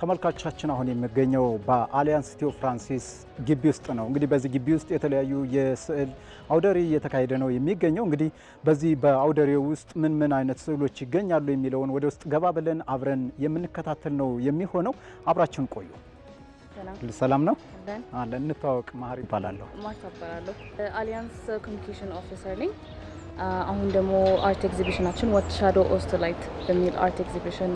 ተመልካቾቻችን አሁን የሚገኘው በአሊያንስ ቲዮ ፍራንሲስ ግቢ ውስጥ ነው። እንግዲህ በዚህ ግቢ ውስጥ የተለያዩ የስዕል አውደሪ እየተካሄደ ነው የሚገኘው። እንግዲህ በዚህ በአውደሪ ውስጥ ምን ምን አይነት ስዕሎች ይገኛሉ የሚለውን ወደ ውስጥ ገባ ብለን አብረን የምንከታተል ነው የሚሆነው። አብራችን ቆዩ። ሰላም ነው አለ። እንታወቅ። ማህር ይባላለሁ። አሊያንስ ኮሚኒኬሽን ኦፊሰር ነኝ። አሁን ደግሞ አርት ኤግዚቢሽናችን ዋት ሻዶ ኦስተላይት በሚል አርት ኤግዚቢሽን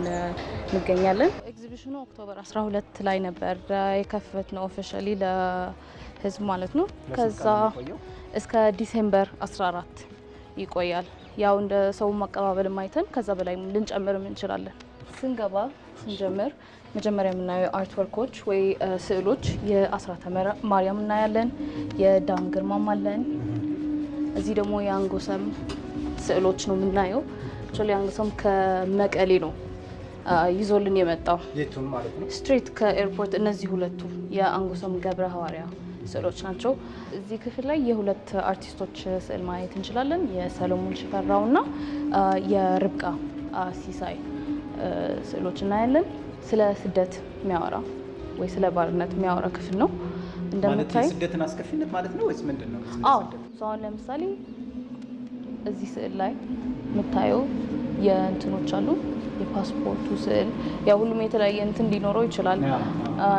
እንገኛለን። ኤግዚቢሽኑ ኦክቶበር 12 ላይ ነበር የከፈት ነው ኦፊሻሊ ለህዝብ ማለት ነው። ከዛ እስከ ዲሴምበር 14 ይቆያል። ያው እንደ ሰው ማቀባበል ማይተን ከዛ በላይ ልንጨምር እንችላለን። ስንገባ ስንጀምር መጀመሪያ የምናየው አርትወርኮች ወይ ስዕሎች የአስራተ ማርያም እናያለን። የዳም ግርማም አለን። እዚህ ደግሞ የአንጎሰም ስዕሎች ነው የምናየው። አንጎሰም ከመቀሌ ነው ይዞልን የመጣው ስትሬት ከኤርፖርት እነዚህ ሁለቱ የአንጉሶም ገብረ ሐዋርያ ስዕሎች ናቸው። እዚህ ክፍል ላይ የሁለት አርቲስቶች ስዕል ማየት እንችላለን። የሰሎሞን ሽፈራው እና የርብቃ ሲሳይ ስዕሎች እናያለን። ስለ ስደት የሚያወራ ወይ ስለ ባርነት የሚያወራ ክፍል ነው። እንደምታይ ስደትን አስከፊነት ማለት ነው ወይስ ምንድን ነው? አዎ አሁን ለምሳሌ እዚህ ስዕል ላይ የምታየው የእንትኖች አሉ የፓስፖርቱ ስዕል ያ ሁሉም የተለያየ እንትን ሊኖረው ይችላል።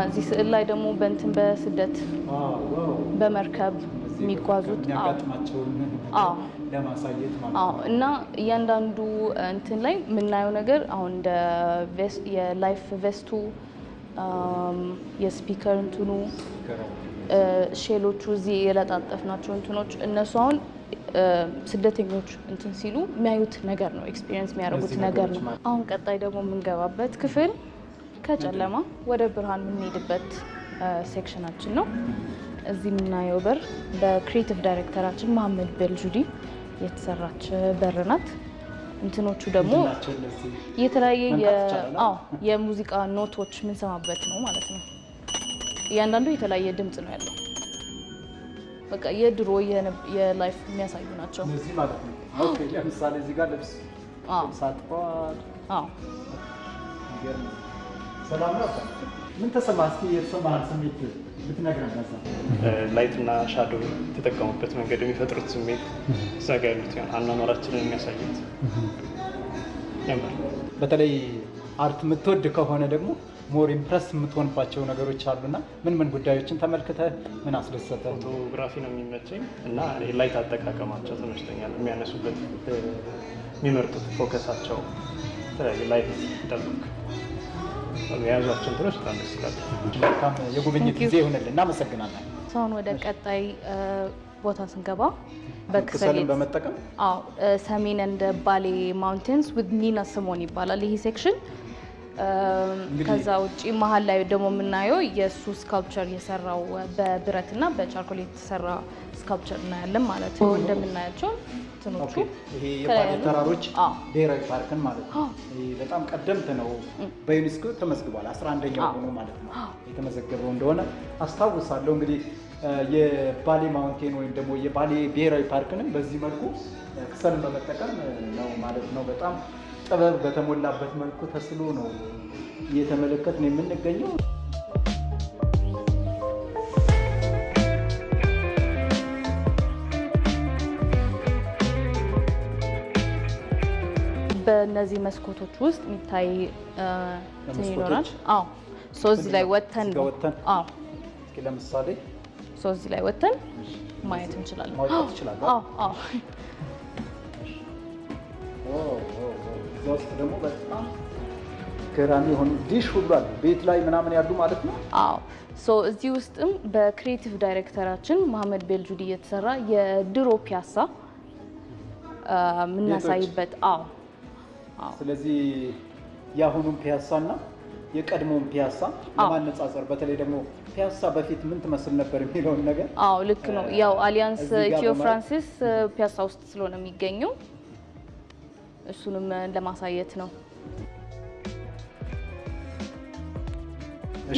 እዚህ ስዕል ላይ ደግሞ በእንትን በስደት በመርከብ የሚጓዙት እና እያንዳንዱ እንትን ላይ የምናየው ነገር አሁን እንደ የላይፍ ቬስቱ የስፒከር እንትኑ ሼሎቹ እዚህ የለጣጠፍ ናቸው እንትኖች እነሱ አሁን ስደተኞች እንትን ሲሉ የሚያዩት ነገር ነው፣ ኤክስፒሪየንስ የሚያደርጉት ነገር ነው። አሁን ቀጣይ ደግሞ የምንገባበት ክፍል ከጨለማ ወደ ብርሃን የምንሄድበት ሴክሽናችን ነው። እዚህ የምናየው በር በክሪኤቲቭ ዳይሬክተራችን መሀመድ በልጁዲ የተሰራች በር ናት። እንትኖቹ ደግሞ የተለያየ የሙዚቃ ኖቶች የምንሰማበት ነው ማለት ነው። እያንዳንዱ የተለያየ ድምፅ ነው ያለው። በቃ የድሮ የላይፍ የሚያሳዩ ናቸው ማለት ነው። ለምሳሌ እዚህ ጋር ልብስ ሳጥቋል። ሰላም ነው። ምን እስኪ የተሰማህን ስሜት ብትነግረን። ላይትና ሻዶ የተጠቀሙበት መንገድ የሚፈጥሩት ስሜት እዛ ጋ ያሉት አኗኗራችንን የሚያሳዩት በተለይ አርት የምትወድ ከሆነ ደግሞ ሞር ኢምፕረስ የምትሆንባቸው ነገሮች አሉና ምን ምን ጉዳዮችን ተመልክተ ምን አስደሰተ? ፎቶግራፊ ነው የሚመቸኝ እና ላይት አጠቃቀማቸው ተመችቶኛል። የሚያነሱበት የሚመርጡት ፎከሳቸው የተለያዩ ላይት ይጠብቅ የያዟቸው እንትኖች በጣም ደስ ይላል። መልካም የጉብኝት ጊዜ ይሆንልን። እናመሰግናለን። ሰውን ወደ ቀጣይ ቦታ ስንገባ በክሰልን በመጠቀም ሰሜን እንደ ባሌ ማውንቴንስ ዊዝ ኒና ስሞን ይባላል ይህ ሴክሽን ከዛ ውጭ መሀል ላይ ደግሞ የምናየው የእሱ ስካልፕቸር የሰራው በብረት እና በቻርኮል የተሰራ ስካልፕቸር እናያለን ማለት ነው። እንደምናያቸው ትኖቹ ተራሮች ብሔራዊ ፓርክን ማለት ነው። በጣም ቀደምት ነው፣ በዩኔስኮ ተመዝግቧል። 11ኛው ሆኖ ማለት ነው የተመዘገበው እንደሆነ አስታውሳለሁ። እንግዲህ የባሌ ማውንቴን ወይም ደግሞ የባሌ ብሔራዊ ፓርክንም በዚህ መልኩ ክሰልን በመጠቀም ነው ማለት ነው በጣም ጥበብ በተሞላበት መልኩ ተስሎ ነው እየተመለከት ነው የምንገኘው። በእነዚህ መስኮቶች ውስጥ የሚታይ ይኖራል። አዎ እዚህ ላይ ወተን አዎ ለምሳሌ እዚህ ላይ ወተን ማየት እንችላለን። እዛ ውስጥ ደግሞ በጣም ገራሚ የሆኑ ዲሽ ሁሉ አለ ቤት ላይ ምናምን ያሉ ማለት ነው። አዎ ሶ እዚህ ውስጥም በክሪኤቲቭ ዳይሬክተራችን መሀመድ ቤልጁዲ እየተሰራ የድሮ ፒያሳ የምናሳይበት አዎ። ስለዚህ የአሁኑም ፒያሳና የቀድሞውን ፒያሳ ለማነጻጸር በተለይ ደግሞ ፒያሳ በፊት ምን ትመስል ነበር የሚለውን ነገር አዎ፣ ልክ ነው። ያው አሊያንስ ኢትዮ ፍራንሲስ ፒያሳ ውስጥ ስለሆነ የሚገኘው እሱንም ለማሳየት ነው።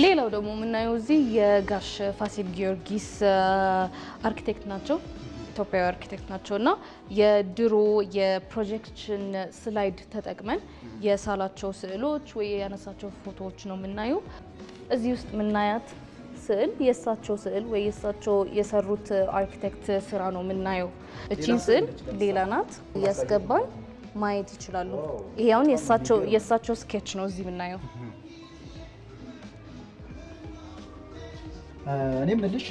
ሌላው ደግሞ የምናየው እዚህ የጋሽ ፋሲል ጊዮርጊስ አርኪቴክት ናቸው። ኢትዮጵያዊ አርኪቴክት ናቸው እና የድሮ የፕሮጀክሽን ስላይድ ተጠቅመን የሳላቸው ስዕሎች ወይ ያነሳቸው ፎቶዎች ነው የምናየው። እዚህ ውስጥ የምናያት ስዕል የእሳቸው ስዕል ወይ የእሳቸው የሰሩት አርኪቴክት ስራ ነው የምናየው። እቺን ስዕል ሌላ ናት እያስገባል ማየት ይችላሉ። ይሄ አሁን የእሳቸው ስኬች ነው እዚህ የምናየው። እኔ ምልሽ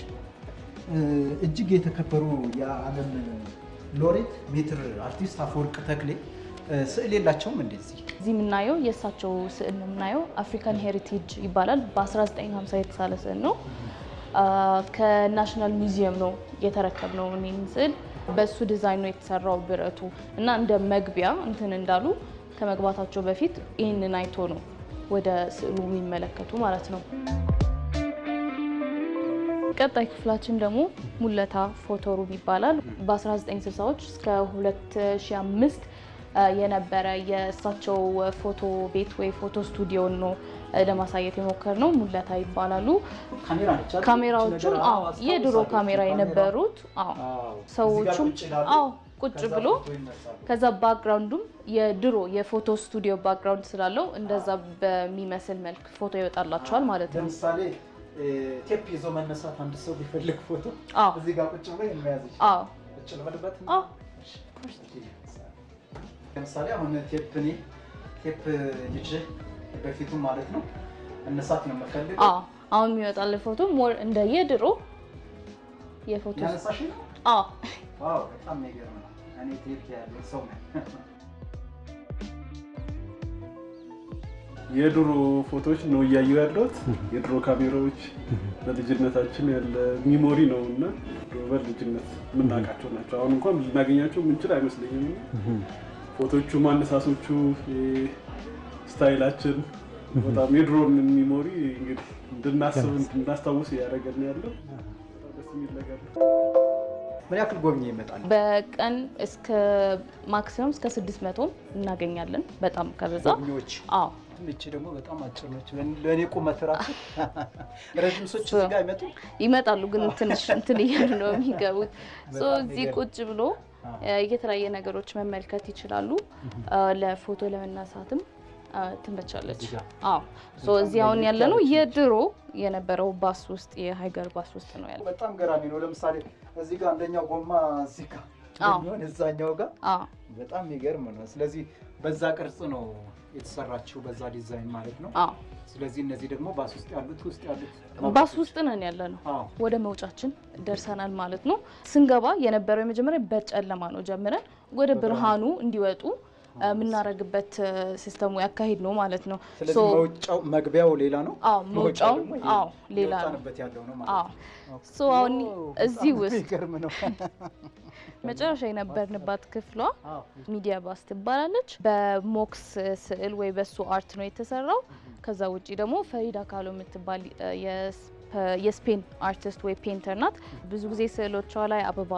እጅግ የተከበሩ የዓለም ሎሬት ሜትር አርቲስት አፈወርቅ ተክሌ ስዕል የላቸውም? እንደዚህ እዚህ የምናየው የእሳቸው ስዕል ነው የምናየው። አፍሪካን ሄሪቴጅ ይባላል። በ1950 የተሳለ ስዕል ነው። ከናሽናል ሙዚየም ነው የተረከብነው። እኔም ስዕል በእሱ ዲዛይን ነው የተሰራው ብረቱ እና እንደ መግቢያ እንትን እንዳሉ ከመግባታቸው በፊት ይህንን አይቶ ነው ወደ ስዕሉ የሚመለከቱ ማለት ነው። ቀጣይ ክፍላችን ደግሞ ሙለታ ፎቶ ይባላል። በ1960ዎች እስከ 2005 የነበረ የእሳቸው ፎቶ ቤት ወይ ፎቶ ስቱዲዮን ነው ለማሳየት የሞከር ነው። ሙለታ ይባላሉ ካሜራዎቹም የድሮ ካሜራ የነበሩት ሰዎቹም ቁጭ ብሎ ከዛ ባክግራውንዱም የድሮ የፎቶ ስቱዲዮ ባክግራውንድ ስላለው እንደዛ በሚመስል መልክ ፎቶ ይወጣላቸዋል ማለት ነው። ለምሳሌ ቴፕ ይዞ መነሳት አንድ ሰው ቢፈልግ ፎቶ እዚህ ጋር ቁጭ ብሎ ለምሳሌ አሁን ቴፕ እኔ ቴፕ ልጅ በፊቱ ማለት ነው እነሳት ነው መፈልግ። አሁን የሚወጣል ፎቶ ሞር እንደ የድሮ የፎቶ ያነሳሽ ነው። አዎ ዋው፣ በጣም የሚገርም ነው። እኔ ቴፕ ያለ ሰው ነኝ። የድሮ ፎቶዎች ነው እያየሁ ያለሁት። የድሮ ካሜራዎች በልጅነታችን ያለ ሚሞሪ ነው እና በልጅነት የምናውቃቸው ናቸው። አሁን እንኳን ልናገኛቸው ምንችል አይመስለኝም። ፎቶቹ፣ ማነሳሶቹ፣ ስታይላችን በጣም የድሮን ሚሞሪ እንግዲህ እንድናስብ እንድናስታውስ እያደረገን ያለው ደስ የሚል ነገር ነው። ምን ያክል ጎብኚ ይመጣል? በቀን እስከ ማክሲመም እስከ ስድስት መቶም እናገኛለን። በጣም ከበዛ ጎብኚዎች። አዎ ይቺ ደግሞ በጣም አጭር ነች። ለእኔ ቁመት ራሱ ረዥም ሰዎች እዚህ ጋር አይመጡም። ይመጣሉ፣ ግን ትንሽ እንትን እያሉ ነው የሚገቡት። እዚህ ቁጭ ብሎ የተለያየ ነገሮች መመልከት ይችላሉ። ለፎቶ ለመነሳትም ትመቻለች። አዎ እዚህ አሁን ያለ ነው የድሮ የነበረው ባስ ውስጥ የሀይገር ባስ ውስጥ ነው ያለ። በጣም ገራሚ ነው። ለምሳሌ እዚህ ጋር አንደኛው ጎማ እዚህ ጋር እዛኛው ጋር በጣም የሚገርም ነው። ስለዚህ በዛ ቅርጽ ነው የተሰራችው፣ በዛ ዲዛይን ማለት ነው። ስለዚህ እነዚህ ደግሞ ባስ ውስጥ ያሉት ውስጥ ያሉት ባስ ውስጥ ነን ያለ ነው። ወደ መውጫችን ደርሰናል ማለት ነው። ስንገባ የነበረው የመጀመሪያ በጨለማ ነው ጀምረን ወደ ብርሃኑ እንዲወጡ የምናደርግበት ሲስተሙ ያካሄድ ነው ማለት ነው። መውጫው መግቢያው ሌላ ነው። አዎ መውጫው አዎ ሌላ ነው። አዎ ሶ አሁን እዚህ ውስጥ መጨረሻ የነበርንባት ክፍሏ ሚዲያ ባስ ትባላለች። በሞክስ ስዕል ወይ በሱ አርት ነው የተሰራው። ከዛ ውጪ ደግሞ ፈሪዳ ካሎ የምትባል የስፔን አርቲስት ወይ ፔንተር ናት። ብዙ ጊዜ ስዕሎቿ ላይ አበባ፣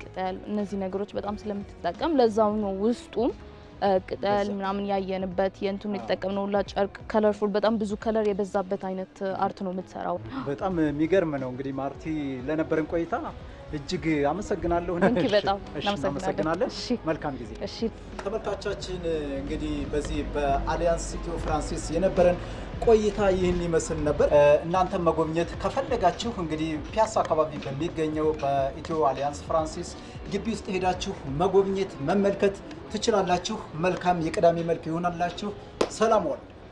ቅጠል እነዚህ ነገሮች በጣም ስለምትጠቀም ለዛው ነው ውስጡም ቅጠል ምናምን ያየንበት የእንቱን የተጠቀም ነው ሁላ ጨርቅ ከለርፉል በጣም ብዙ ከለር የበዛበት አይነት አርት ነው የምትሰራው። በጣም የሚገርም ነው። እንግዲህ ማርቲ ለነበረን ቆይታ እጅግ አመሰግናለሁ። በጣም እናመሰግናለን። መልካም ጊዜ። ተመልካቻችን እንግዲህ በዚህ በአሊያንስ ኢትዮ ፍራንሲስ የነበረን ቆይታ ይህን ይመስል ነበር። እናንተ መጎብኘት ከፈለጋችሁ እንግዲህ ፒያሳ አካባቢ በሚገኘው በኢትዮ አሊያንስ ፍራንሲስ ግቢ ውስጥ ሄዳችሁ መጎብኘት መመልከት ትችላላችሁ። መልካም የቅዳሜ መልክ ይሆናላችሁ። ሰላም ዋል